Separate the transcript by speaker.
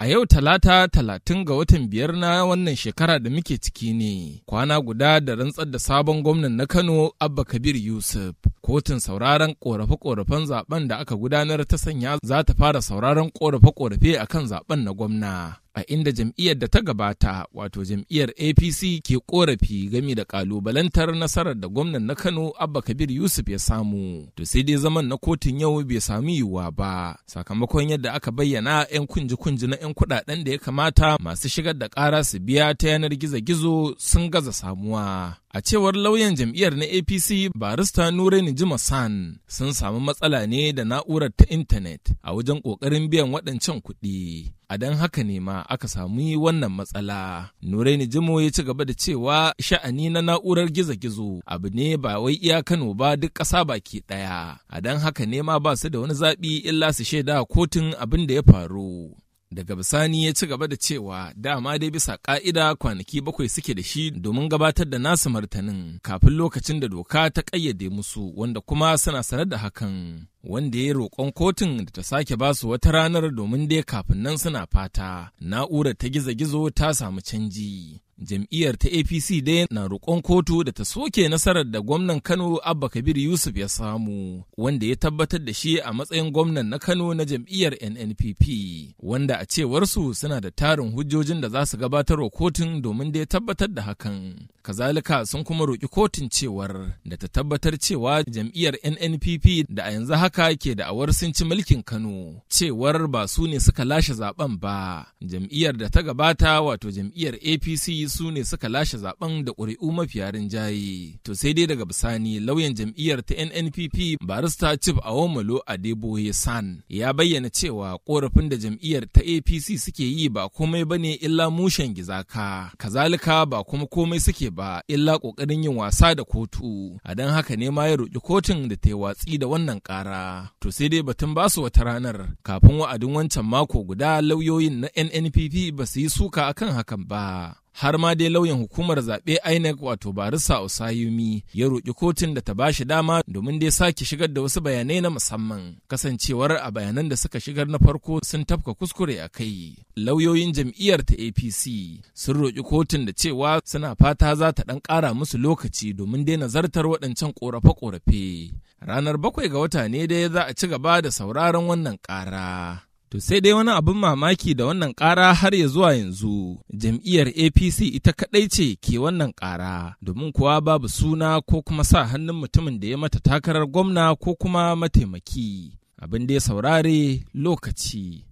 Speaker 1: A yau talata talatin ga watan biyar na wannan shekara da muke ciki ne, kwana guda da rantsar da sabon gwamnan na Kano Abba Kabir Yusuf. Kotun sauraron ƙorafe korafen zaben da aka gudanar ta sanya za ta fara sauraron ƙorafe korafe a kan zaben na gwamna. a inda jam'iyyar da ta gabata wato jam'iyyar apc ke korafi gami da kalubalantar nasarar da gwamnan na kano abba kabir yusuf ya samu to sai dai zaman na kotun yau bai samu yiwuwa ba sakamakon yadda aka bayyana 'yan kunji-kunji na 'yan kudaden da ya kamata masu shigar da kara su biya ta yanar gizo-gizo sun gaza samuwa a cewar lauyan jam'iyyar na apc barista Nureni jima san sun samu matsala ne da na'urar ta intanet a wajen ƙoƙarin biyan waɗancan kuɗi a don haka ne ma aka samu wannan matsala Nureni jimo ya ci gaba da cewa sha'ani na na'urar gizo-gizo abu ne ba wai iya kano ba duk ƙasa baki ɗaya a don haka ne ma ba su da wani zaɓi illa su shaida kotun abin da ya faru daga bisani ya ci gaba da cewa dama dai bisa ka'ida kwanaki bakwai suke da shi domin gabatar da nasu martanin kafin lokacin da doka ta ƙayyade musu wanda kuma suna sanar da hakan wanda ya roƙon kotun da ta sake basu wata ranar domin dai kafin nan suna fata na'urar ta gizo-gizo ta samu canji Jam'iyyar ta APC dai na roƙon kotu da ta soke nasarar da gwamnan Kano Abba Kabir Yusuf ya samu, wanda ya tabbatar da shi a matsayin gwamnan na Kano na jam'iyyar NNPP, wanda a cewarsu suna da tarin hujjojin da za su gabatar wa kotun domin da ya tabbatar da hakan. Kazalika sun kuma roƙi kotun cewar da ta tabbatar cewa jam'iyyar NNPP da a yanzu haka ke da awar sun ci mulkin Kano, cewar ba su ne suka lashe zaben ba. Jam'iyyar da ta gabata wato jam'iyyar APC su ne suka lashe zaben da ƙuri'u mafiya rinjaye. To sai dai daga bisani lauyan jam'iyyar ta NNPP barista Chief Awomolo Adeboye San ya bayyana cewa korafin da jam'iyyar ta APC suke yi ba komai ba ne illa mushen gizaka. Kazalika ba kuma komai suke ba illa ƙoƙarin yin wasa da kotu. A don haka ne ma ya roƙi kotun da ta yi watsi da wannan ƙara. To sai dai batun basu wata ranar kafin wa'adin wancan mako guda lauyoyin na NNPP ba su yi suka akan hakan ba. har ma dai lauyan hukumar zaɓe INEC wato Barisa Osayumi ya roƙi kotun da ta ba shi dama domin dai sake shigar da wasu bayanai na musamman kasancewar a bayanan da suka shigar na farko sun tafka kuskure a kai. Lauyoyin jam'iyyar ta APC sun roƙi kotun da cewa suna fata za ta ɗan ƙara musu lokaci domin dai nazartar waɗancan ƙorafe-ƙorafe. Ranar bakwai ga wata ne dai za a ci gaba da sauraron wannan ƙara. To sai dai wani abin mamaki da wannan ƙara har ya zuwa yanzu, jam'iyyar APC ita kaɗai ce ke wannan ƙara, domin kuwa babu suna ko kuma sa hannun mutumin da ya mata takarar gwamna ko kuma mataimaki. Abin da ya saurare lokaci.